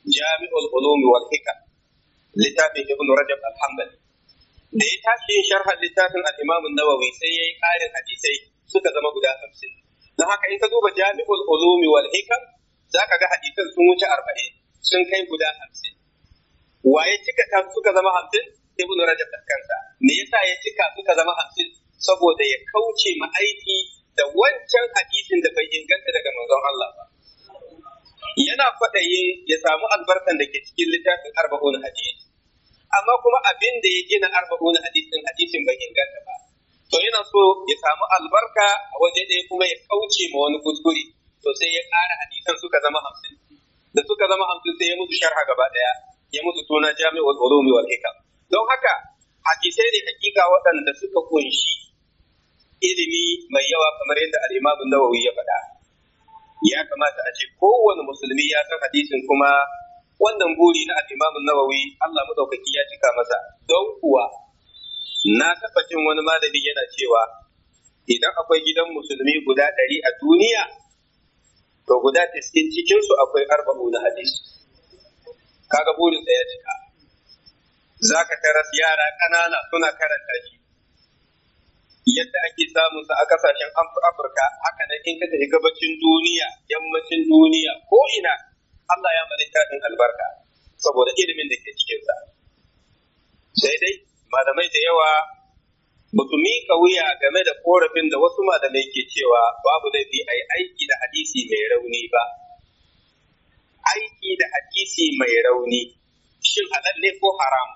jami'ul ulum wal hikam littafin ibn rajab al-hanbali da ya tashi yin sharhar littafin al-Imam nawawi sai yayi ƙarin hadisai suka zama guda 50 don haka in ka duba Jami'ul Ulumi wal Hikam zaka ga hadisan sun wuce 40 sun kai guda 50 waye cika ta suka zama 50 Ibn Rajab kansa me yasa ya cika suka zama 50 saboda ya kauce ma aiki da wancan hadisin da bai inganta daga manzon Allah ba yana yin ya samu albarkan da ke cikin littafin arba'un hadisi amma kuma abin da ya gina arba'una hadisin hadisin bai inganta ba to yana so ya samu albarka a waje ɗaya kuma ya kauce ma wani kuskure to sai ya ƙara hadisan suka zama hamsin da suka zama hamsin sai ya mutu sharha gaba ɗaya ya mutu suna jami'ul ulumi wal hikam don haka hadisai ne hakika waɗanda suka kunshi ilimi mai yawa kamar yadda al-Imam Nawawi ya faɗa ya kamata a ce kowane musulmi ya san hadisin kuma wannan buri na al-Imam Nawawi Allah madaukaki ya cika masa don kuwa na taɓa cin wani malami yana cewa idan akwai gidan musulmi guda ɗari a duniya to guda cikin cikinsu akwai arba'u na hadis kaga burinsa ya cika za ka taras yara ƙanana suna karanta shi yadda ake samun sa a kasashen afirka haka na in ka tafi gabacin duniya yammacin duniya ko ina Allah ya mani daɗin albarka saboda ilimin da ke cikinsa. Sai dai malamai da yawa ba su miƙa wuya game da korafin da wasu malamai ke cewa babu laifi a yi aiki da hadisi mai rauni ba. Aiki da hadisi mai rauni shin halal ne ko haram?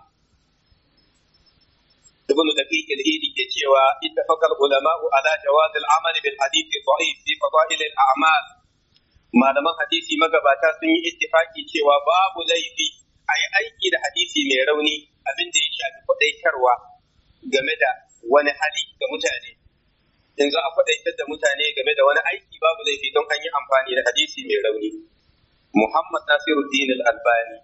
Ibn Daqiq al-Hidi ke cewa ittafaqa al-ulama'u ala jawaz al-amali bil hadisi dha'if fi fadail al-a'mal malaman hadisi magabata sun yi ittifaki cewa babu laifi a yi aiki da hadisi mai rauni abin da ya shafi kwadaitarwa game da wani hali ga mutane in za a kwadaitar da mutane game da wani aiki babu laifi don an yi amfani da hadisi mai rauni muhammad nasiruddin al-albani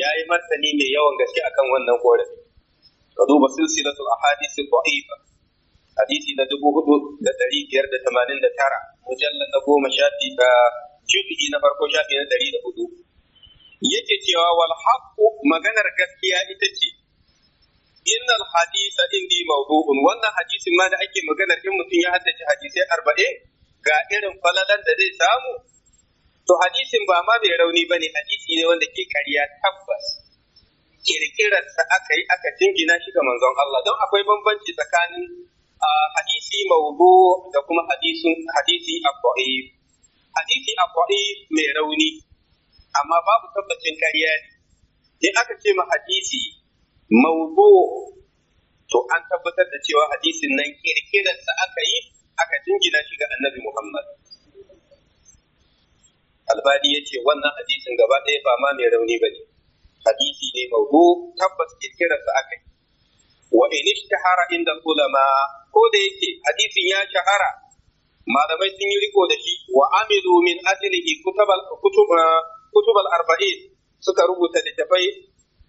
ya yi martani mai yawan gaske akan wannan korafi ka duba silsilatul ahadisi da'ifa hadisi na dubu hudu da dari biyar da tamanin da tara mujallar na goma shafi da ah, jubi'i na farko shafi na dari da hudu yake cewa wal haqqu maganar gaskiya ita ce innal hadisa indi mawdu'un wannan hadisin ma da ake maganar in mutum ya haddace hadisai arba'in ga irin falalan da zai samu to hadisin ba ma bai rauni ba ne hadisi ne wanda ke karya tabbas kirkirarsa aka yi aka jingina shi ga manzon Allah don akwai bambanci tsakanin hadisi mawdu da kuma hadisi akwai hadisi akwai mai rauni amma babu tabbacin kariya ne in aka ce ma hadisi mawdu to an tabbatar da cewa hadisin nan sa aka yi aka jingina shi ga annabi Muhammad. Albani ya ce wannan hadisin gaba ɗaya ba ma mai rauni ba ne, hadisi ne maudu tabbas sa aka yi. Wa in ishtahara inda ulama ko da yake hadisin ya shahara malamai sun yi riko da shi wa amilu min ajlihi kutubal uh, kutubal arba'in suka rubuta littafai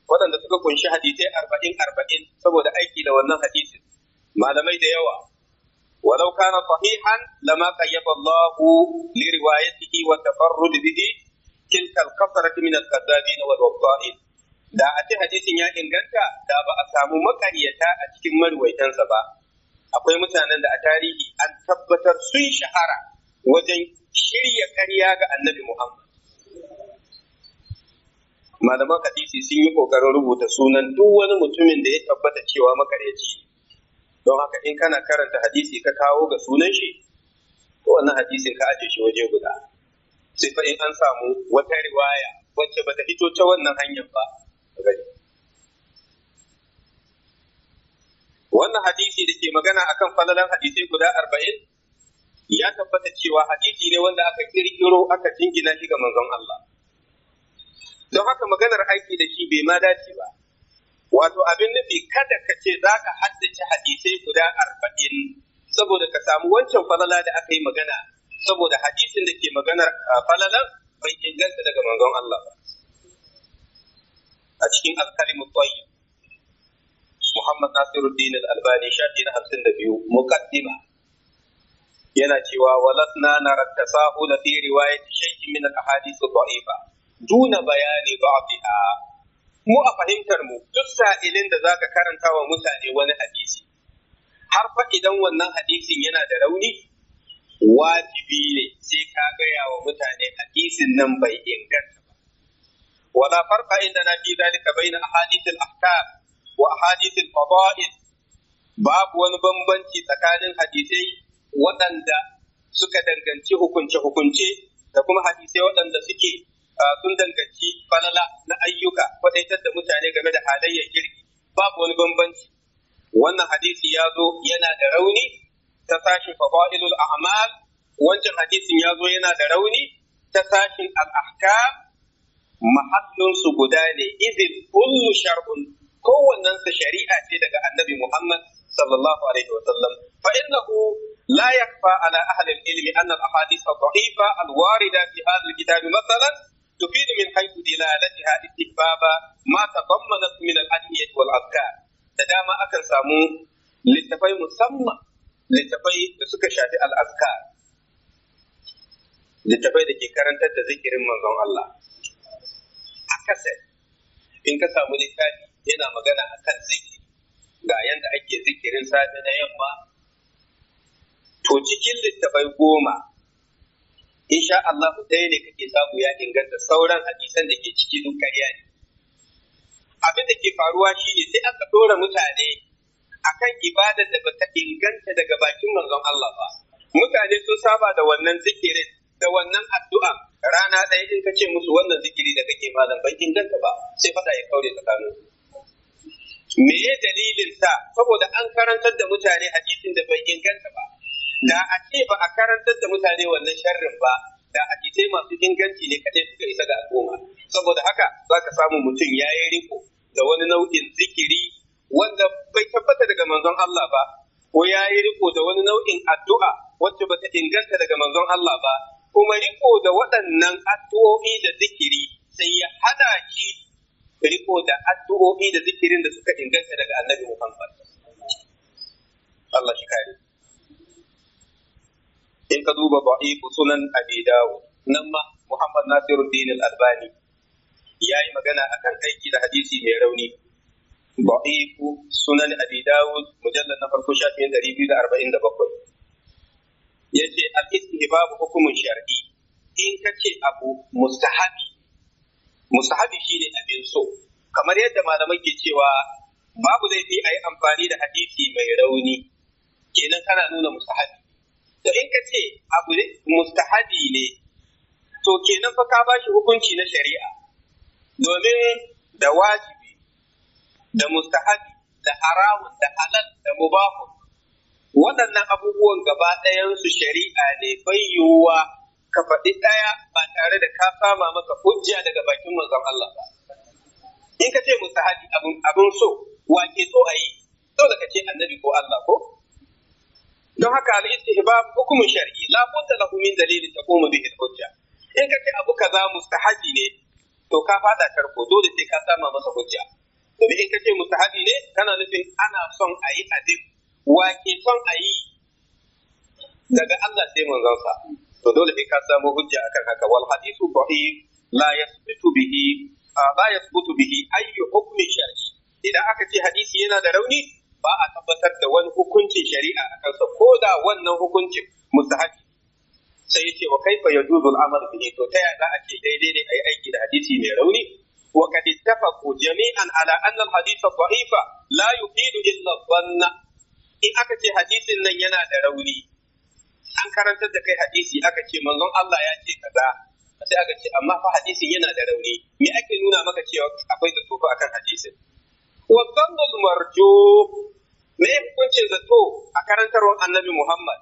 waɗanda suka kunshi hadisai arba'in arba'in saboda aiki da wannan hadisin malamai da yawa ولو كان صحيحا لما قيد الله لروايته والتفرد به تلك الكثرة من الكذابين والوقائين da a ce hadisin ya inganta da ba a samu makaryata a cikin marwaitansa ba akwai mutanen da a tarihi an tabbatar sun shahara wajen shirya karya ga annabi Muhammad. Malaman hadisi sun yi ƙoƙarin rubuta sunan duk wani mutumin da ya tabbata cewa makaryaci ne. Don haka in kana karanta hadisi ka kawo ga sunan shi, Ko wannan hadisin ka aje shi waje guda. Sai fa in an samu wata riwaya wacce bata hito ta wannan hanyar ba. wannan hadisi da ke magana akan falalan hadisai guda arba'in ya tabbata cewa hadisi ne wanda aka kirkiro aka jingina shi ga manzon Allah don haka maganar aiki da shi bai ma dace ba wato abin nufi kada ka ce za ka haddace hadisai guda arba'in saboda ka samu wancan falala da aka yi magana saboda hadisin da ke maganar falalan bai inganta daga manzon Allah ba a cikin alkalimin tsayi Muhammad Nasiruddin Al-Albani shafi na 52 muqaddima yana cewa walasna narat tasahul fi riwayat shay'in min al-ahadith ad-da'ifa duna bayani ba'dha mu a fahimtar mu duk sa'ilin da zaka karanta wa mutane wani hadisi har fa idan wannan hadisin yana da rauni wajibi ne sai ka gaya wa mutane hadisin nan bai inganta ba wala farqa inda na fi zalika bayna ahadith al-ahkam wa ahadithil fada'il babu wani bambanci tsakanin hadisai waɗanda suka danganci hukunce-hukunce da kuma hadisai waɗanda suke sun danganci falala na ayyuka faɗaitar da mutane game da halayyar kirki babu wani bambanci wannan hadisi ya zo yana da rauni ta sashin fada'ilul a'mal wancan hadisin ya zo yana da rauni ta sashin al-ahkam mahallin su guda ne izin kullu shar'un kowannen su shari'a ce daga annabi Muhammad sallallahu alaihi wa sallam fa innahu la yakfa ala ahli al-ilmi anna al-ahadith ad-da'ifa al-warida fi hadha al-kitab mathalan تفيد من حيث دلالتها استحباب ما تضمنت من الأدعية والأذكار da dama akan samu littafai musamman littafai da suka shafi al'azkar littafai da ke karantar da zikirin manzon Allah a kasar in ka samu littafi yana magana kan zikiri ga yadda ake zikirin safe na yamma to cikin littafai goma insha Allah ɗaya ne kake samu ya inganta sauran hadisan da ke ciki duk ƙarya ne abin da ke faruwa shine sai aka ɗora mutane akan ibadar da bata inganta daga bakin manzon Allah ba mutane sun saba da wannan zikirin da wannan addu'a rana ɗaya in ka ce musu wannan zikiri da kake malam ban inganta ba sai faɗa ya kaure tsakaninsu me ya dalilin sa saboda an karantar da mutane hadisin da bai inganta ba da a ce ba a karantar da mutane wannan sharrin ba da hadisai masu inganci ne kadai suka isa ga al'umma saboda haka za ka samu mutum ya yi riko da wani nau'in zikiri wanda bai tabbata daga manzon Allah ba ko ya yi riko da wani nau'in addu'a wacce ba ta inganta daga manzon Allah ba kuma riko da waɗannan addu'o'i da zikiri sai ya hada shi riko da addu'o'i da zikirin da suka inganta daga annabi Muhammad. Allah shi kare. In ka duba ba'ifu sunan Abi Dawud, nan ma Muhammad Nasiruddin Al-Albani ya yi magana akan aiki da hadisi mai rauni. Ba'ifu sunan Abi Dawud mujallar na farko shafin 247. Ya ce al-istihbabu hukumin shar'i in ka ce abu mustahabi mustahabi shine abin so kamar yadda malamai ke cewa babu laifi a yi amfani da hadisi mai rauni kenan kana nuna mustahabi to in ka ce abu ne? mustahabi ne to kenan fa ka bashi hukunci na shari'a domin da wajibi da mustahabi da haramun da halal da mubahun waɗannan abubuwan gaba ɗayansu shari'a ne bai yiwuwa ka faɗi ɗaya ba tare da ka kama maka hujja daga bakin manzon Allah ba. In ka ce musu abin abin so ke so a yi dole ka ce annabi ko Allah ko? Don haka al ba hukumin shari'i, la budda lahu min dalilin koma bihin hujja. In ka ce abu kaza mustahabi ne to ka fada tarko dole sai ka sama masa hujja. Domin in ka ce mustahabi ne kana nufin ana son a yi wa ke son a yi daga Allah sai manzon sa. to dole ne ka samu hujja akan haka wal hadithu sahih la yasbutu bihi la yasbutu bihi ayyu hukmi shar'i idan aka ce hadisi yana da rauni ba a tabbatar da wani hukuncin shari'a a kansa ko da wannan hukuncin mustahabi sai yace wa kaifa yajuzu al-amal bihi to ta za a ce daidai ne ayi aiki da hadisi mai rauni wa kad ittafaqu jami'an ala anna al-hadith dha'ifa la yufidu illa dhanna in aka ce hadisin nan yana da rauni an karantar da kai hadisi aka ce manzon Allah ya ce kaza sai aka ce amma fa hadisin yana da rauni me ake nuna maka cewa akwai zato fa akan hadisin wa dhanul marju me hukuncin zato a karantarwar annabi Muhammad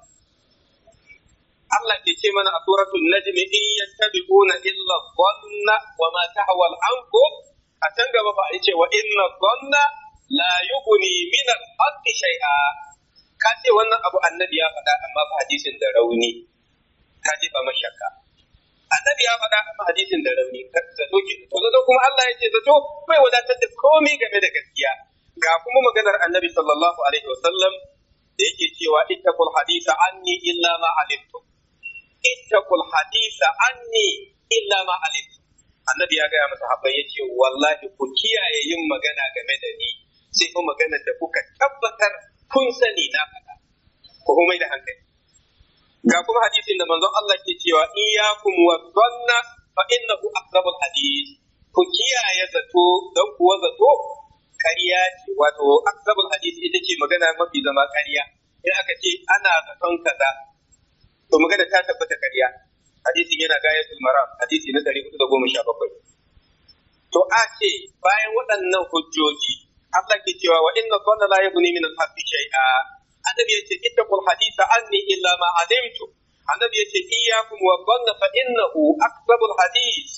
Allah ke ce mana a suratul najmi in yattabi'una illa dhanna wa ma tahwa al-anfus a can gaba fa ce wa inna dhanna la yughni min al-haqqi shay'a ka ce wannan abu annabi ya faɗa amma ba hadisin da rauni ka ce ba mashakka annabi ya faɗa amma hadisin da rauni zato ke zato kuma Allah ya ce zato bai wadatar da komai game da gaskiya ga kuma maganar annabi sallallahu alaihi wasallam da yake cewa ittaqul hadisa anni illa ma alimtum ittaqul hadisa anni illa ma alimtum annabi ya gaya masa haɓar ya ce wallahi ku kiyaye yin magana game da ni sai kuma maganar da kuka tabbatar kun sani na faɗa ku mai da hankali ga kuma hadisin da manzon Allah ke cewa in ya iyyakum wa dhanna fa innahu aqrabul hadith ku kiyaye zato don kuwa zato ƙarya ce wato aqrabul hadith ita ce magana mafi zama ƙarya in aka ce ana zaton kaza to magana ta tabbata ƙarya hadisin yana gayatul maram hadisi na 417 to a ce bayan waɗannan hujjoji Allah ke cewa wa inna dhanna la yughni min al-haqqi shay'a annabi yace ittaqul haditha anni illa ma alimtu annabi yace iyyakum wa dhanna fa innahu akdhabul hadith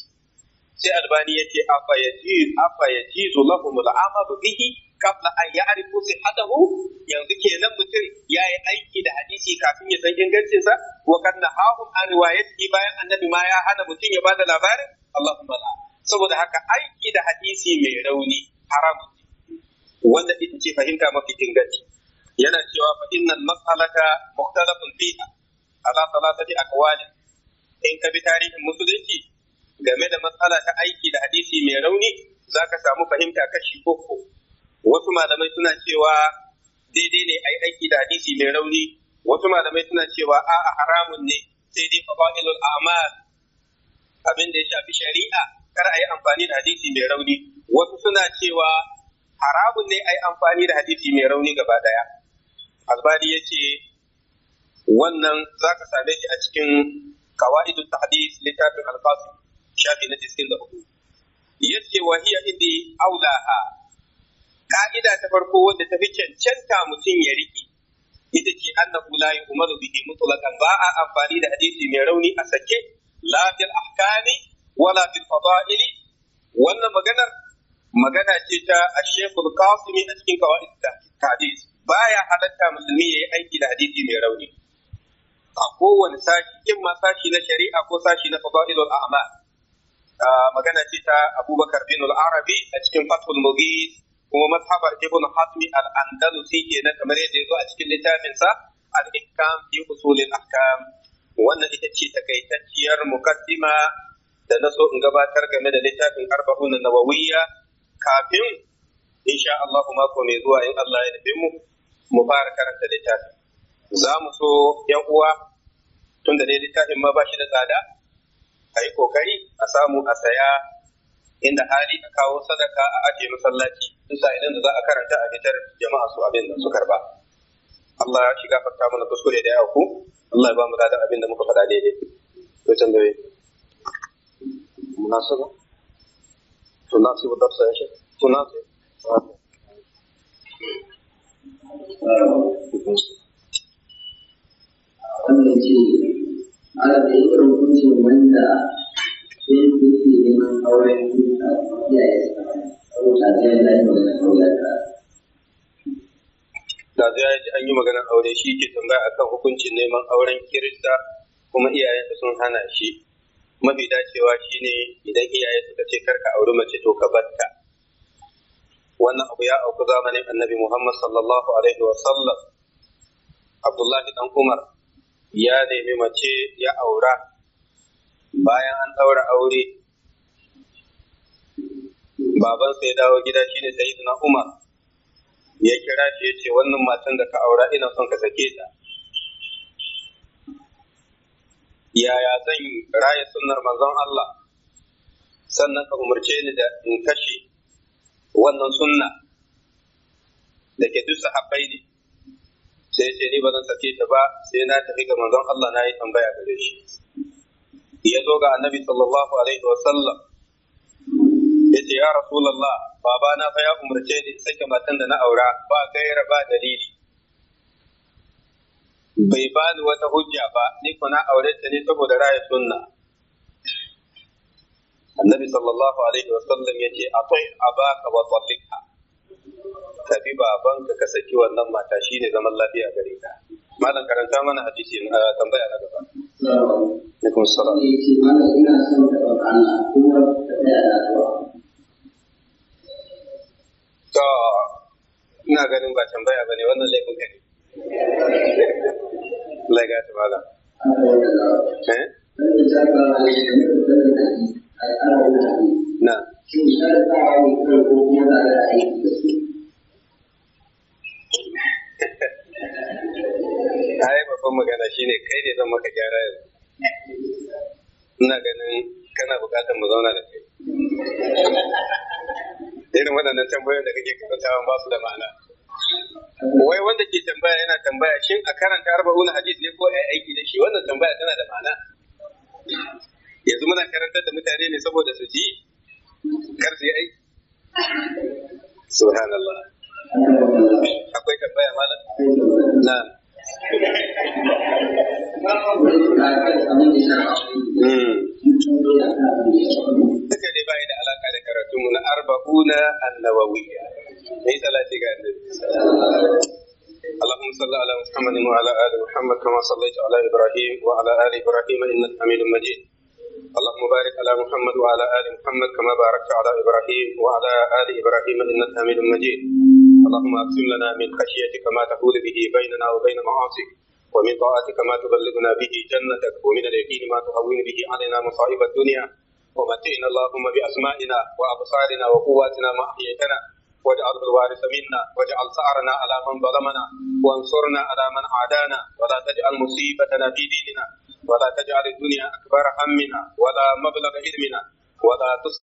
sai albani yace afa yajiz afa yajizu lahum al-amalu bihi qabla an ya'rifu sihhatahu yanzu kenan mutum yayi aiki da hadisi kafin ya san ingancin sa wa kanna hahum an riwayati bayan annabi ma ya hana mutum ya bada labarin Allahumma la saboda haka aiki da hadisi mai rauni haramun wanda ita ce fahimta mafi inganci yana cewa fa innal mas'alata mukhtalafun fiha ala salatati aqwali in ka bi tarihin musulunci game da matsala ta aiki da hadisi mai rauni zaka samu fahimta kashi uku wasu malamai suna cewa daidai ne ai aiki da hadisi mai rauni wasu malamai suna cewa a'a haramun ne sai dai fadailul a'mal abin da ya shafi shari'a kar a yi amfani da hadisi mai rauni wasu suna cewa Harabun ne ai amfani da hadisi mai rauni gaba daya albani ya ce wannan za ka same shi a cikin kawaidu tahdis littafin alfasu shafi na tiskin da hudu ya ce wa hiya idi aulaha ka'ida ta farko wanda ta fi cancanta mutum ya riƙe ita ce annahu la yu'maru bihi mutlaqan ba a amfani da hadisi mai rauni a sake la fil ahkami wala fil fada'ili wannan maganar magana ce ta shekul kasumi a cikin kawai da hadis baya halatta musulmi ya yi aiki da hadisi mai rauni a kowane sashi in ma sashi na shari'a ko sashi na fadailul a'mal magana ce ta abubakar bin al-arabi a cikin fathul mubin kuma mazhabar ibn hatmi al-andalusi kenan kamar yadda yazo a cikin littafin sa al-ihkam fi usul al-ahkam wannan ita ce takaitacciyar mukaddima da na so in gabatar game da littafin arba'un nawawiyya kafin insha Allah mako mai zuwa in Allah ya nufi mu mu fara karanta littafin za mu so yan uwa tun da dai littafin ma ba shi da tsada a yi kokari a samu a saya inda hali a kawo sadaka a ajiye masallaci Tusa idan da za a karanta a fitar jama'a su abin da su karba Allah ya shiga fata mana kuskure da yawa ku Allah ya ba mu abin da muka faɗa daidai yi. tambaye tunaasi ce ana da wanda neman ya da ji an yi maganar aure shi ke tambaya akan hukuncin neman auren kirista kuma iyayensa sun hana shi mafi dacewa shine idan iyaye suka ce karka auri mace to ka batta wannan abu ya auku zamanin annabi muhammad sallallahu alaihi wa sallam abdullahi dan umar ya nemi mace ya aura bayan an daura aure baban sai dawo gida shine sayyidina umar ya kira shi ya ce wannan matan da ka aura ina son ka sake ta yaya zan raya sunnar manzon Allah sannan ka umarce ni da in kashe wannan sunna da ke duk sahabbai ne sai ce ni ba zan sake ta ba sai na tafi ga manzon Allah na yi tambaya gare shi ya zo ga annabi sallallahu alaihi wa sallam ya ce ya rasulallah baba na fa ya umarce ni sake matan da na aura ba gaira ba dalili bai bani wata hujja ba ni kuna aure ta ne saboda raya sunna annabi sallallahu alaihi wa sallam yace atai abaka wa sallika tabi baban ka saki wannan mata shine zaman lafiya gare ka malam karanta mana hadisi na tambaya na gaba alaikum salam ina son ka Allah kuma ka tsaya da to ina ganin ba tambaya bane wannan laifin ne Allah ya eh? ai babban magana shine kai ne zan maka gyara yanzu ina ganin kana bukatar mu zauna da kai irin waɗannan tambayoyin da kake karantawa ba su da ma'ana wai wanda ke tambaya yana tambaya shin a karanta arba'una hadis ne ko ai aiki da shi wannan tambaya tana da ma'ana yanzu muna karantar da mutane ne saboda su ji kar su yi aiki subhanallah akwai tambaya malam na hmm. Duka dai bai da alaƙa da karatunmu na arba'una annawawiyya. اللهم صل على محمد وعلى ال محمد كما صليت على ابراهيم وعلى ال ابراهيم انك حميد مجيد اللهم بارك على محمد وعلى ال محمد كما باركت على ابراهيم وعلى ال ابراهيم انك حميد مجيد اللهم اقسم لنا من خشيتك ما تحول به بيننا وبين معاصيك ومن طاعتك ما تبلغنا به جنتك ومن اليقين ما تهون به علينا مصائب الدنيا ومتعنا اللهم باسمائنا وابصارنا وقواتنا ما احييتنا واجعله الوارث منا واجعل ثأرنا على من ظلمنا وانصرنا على من عادانا ولا تجعل مصيبتنا في ديننا ولا تجعل الدنيا أكبر همنا ولا مبلغ علمنا ولا تسلم